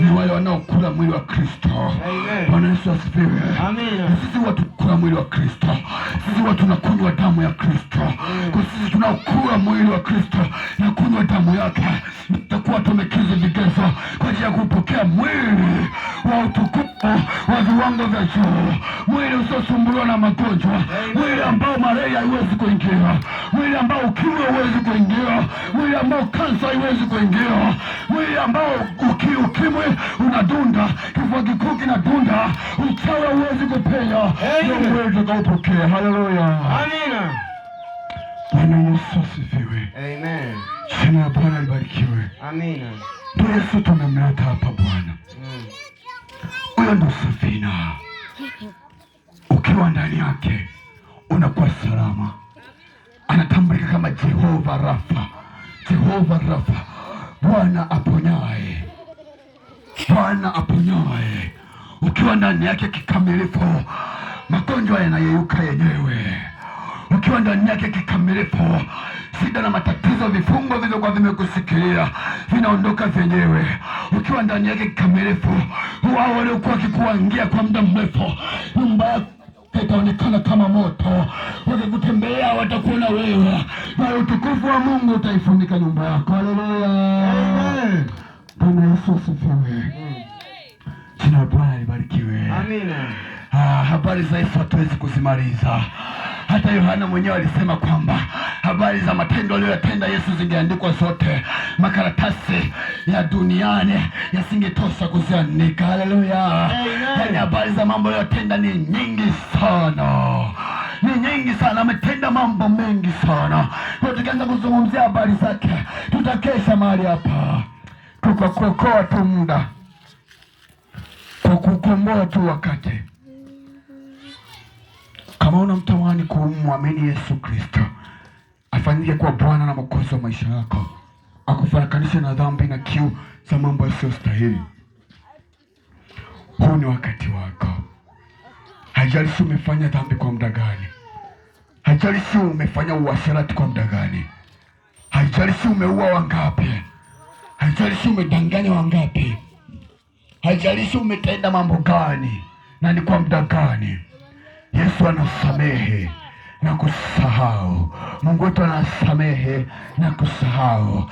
ni wale wanaokula mwili wa Kristo. Bwana Yesu asifiwe. Sisi watukula mwili wa Kristo, sisi watu tunakunywa damu ya Kristo. Kwa sisi tunaokula mwili wa Kristo na kunywa damu yake, tutakuwa tumekizi vigezo kwa ajili ya kupokea mwili wa utukufu wa viwango vya juu, mwili usiosumbuliwa na magonjwa, mwili ambao malaria haiwezi kuingia, mwili ambao ukimwi hauwezi kuingia, mwili ambao kansa haiwezi kuingia ukimwi unadunda, kifua kikuu kinadunda, uchawi uwezi kupenya, ndio mwezi ukaupokea. Haleluya, amina. Bwana Yesu asifiwe, amen. Jina la Bwana libarikiwe, amina. Ndio Yesu tumemleta hapa Bwana, mm. huyo ndo safina. Ukiwa ndani yake unakuwa salama. Anatambulika kama Jehova Rafa, Jehova Rafa, Bwana aponyaye Bwana aponyoe ukiwa ndani yake kikamilifu, magonjwa yanayeyuka yenyewe. Ukiwa ndani yake kikamilifu, shida na matatizo, vifungo vilivyokuwa vimekushikilia vinaondoka vyenyewe. Ukiwa ndani yake kikamilifu, wao waliokuwa wakikuangia kwa muda mrefu, nyumba itaonekana kama moto. Wakikutembelea watakuona wewe, na utukufu wa Mungu utaifunika nyumba yako. Haleluya! Bwana Yesu asifiwe. Jina la Bwana libarikiwe. Amina. Ah, habari za Yesu hatuwezi kuzimaliza. Hata Yohana mwenyewe alisema kwamba habari za matendo aliyoyatenda Yesu zingeandikwa zote, makaratasi ya duniani yasingetosha kuziandika. Haleluya! Yaani habari za mambo aliyotenda ni nyingi sana, ni nyingi sana. Ametenda mambo mengi sana, kwa tukianza kuzungumzia habari zake tutakesha mahali hapa kwa tu muda, kwa kukomboa tu wakati. Kama una mtamani kumwamini Yesu Kristo afanyike kuwa Bwana na Mwokozi wa maisha yako, akufarakanishe na dhambi na kiu za mambo stahili huu ni wakati wako. Haijalishi umefanya dhambi kwa muda gani, haijalishi umefanya uasherati kwa muda gani, haijalishi umeua wangapi haijalishi umedanganya wangapi, haijalishi umetenda mambo gani na ni kwa muda gani, Yesu anasamehe na kusahau. Mungu wetu anasamehe na kusahau.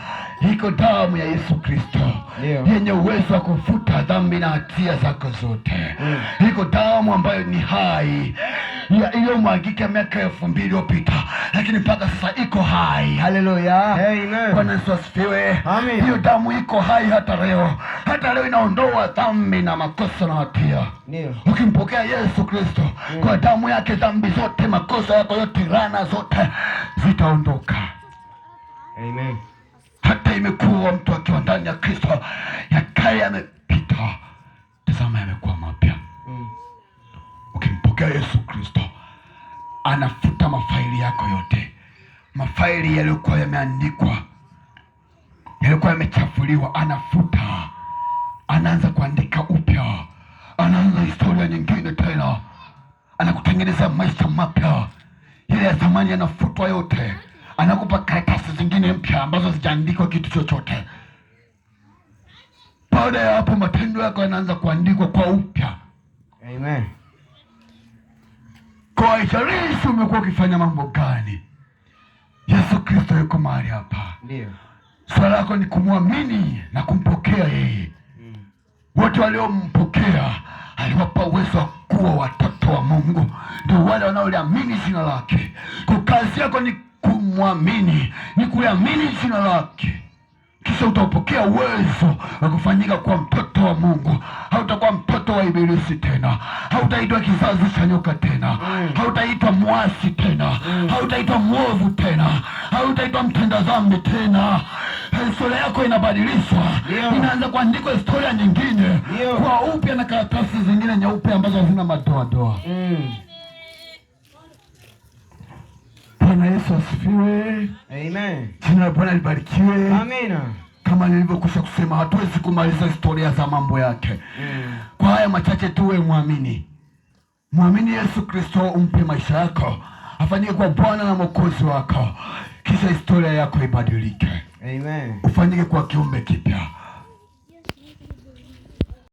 Iko damu ya Yesu Kristo yenye uwezo wa kufuta dhambi na hatia zako zote. Iko damu ambayo ni hai iliyomwagika miaka elfu mbili iliyopita, lakini mpaka sasa iko hai. Haleluya, Bwana Yesu asifiwe. Hiyo damu iko hai hata leo, hata leo inaondoa dhambi na makosa na hatia. Ukimpokea Yesu Kristo mm. kwa damu yake, dhambi zote, makosa yako yote, rana zote zitaondoka. Amen. Hata imekuwa mtu akiwa ndani ya Kristo, yakaye yamepita, tazama yamekuwa mapya katika Yesu Kristo anafuta mafaili yako yote, mafaili yaliyokuwa yameandikwa, yalikuwa yamechafuliwa, anafuta, anaanza kuandika upya, anaanza historia nyingine tena, anakutengeneza maisha mapya. Ile ya zamani yanafutwa yote, anakupa karatasi zingine mpya ambazo zijaandikwa kitu chochote. Baada ya hapo, matendo yako yanaanza kuandikwa kwa upya. Amen kuwaisharisi umekuwa ukifanya mambo gani. Yesu Kristo yuko mahali hapa, ndio swala lako ni kumwamini na kumpokea yeye. Mm. Wote waliompokea aliwapa uwezo wa kuwa watoto wa Mungu, ndio wale wanaoliamini jina lake. Kazi yako ni kumwamini, ni kuliamini jina lake, kisha utapokea uwezo wa kufanyika kuwa mtoto wa Mungu. Hautakuwa hautatoa ibilisi tena, hautaitwa kizazi cha nyoka tena, mm. hautaitwa mwasi tena, mm. hautaitwa mwovu tena, hautaitwa mtenda dhambi tena. Historia eh, yako inabadilishwa, inaanza kuandikwa historia nyingine kwa upya na karatasi zingine nyeupe ambazo hazina madoadoa. Mm. Bwana Yesu asifiwe. Amen. Jina la Bwana libarikiwe. Amina kama nilivyokwisha kusema, hatuwezi kumaliza historia za mambo yake mm. Kwa haya machache tuwe mwamini, mwamini Yesu Kristo, umpe maisha yako, afanyike kwa Bwana na Mwokozi wako, kisha historia yako ibadilike, amen, ufanyike kwa kiumbe kipya.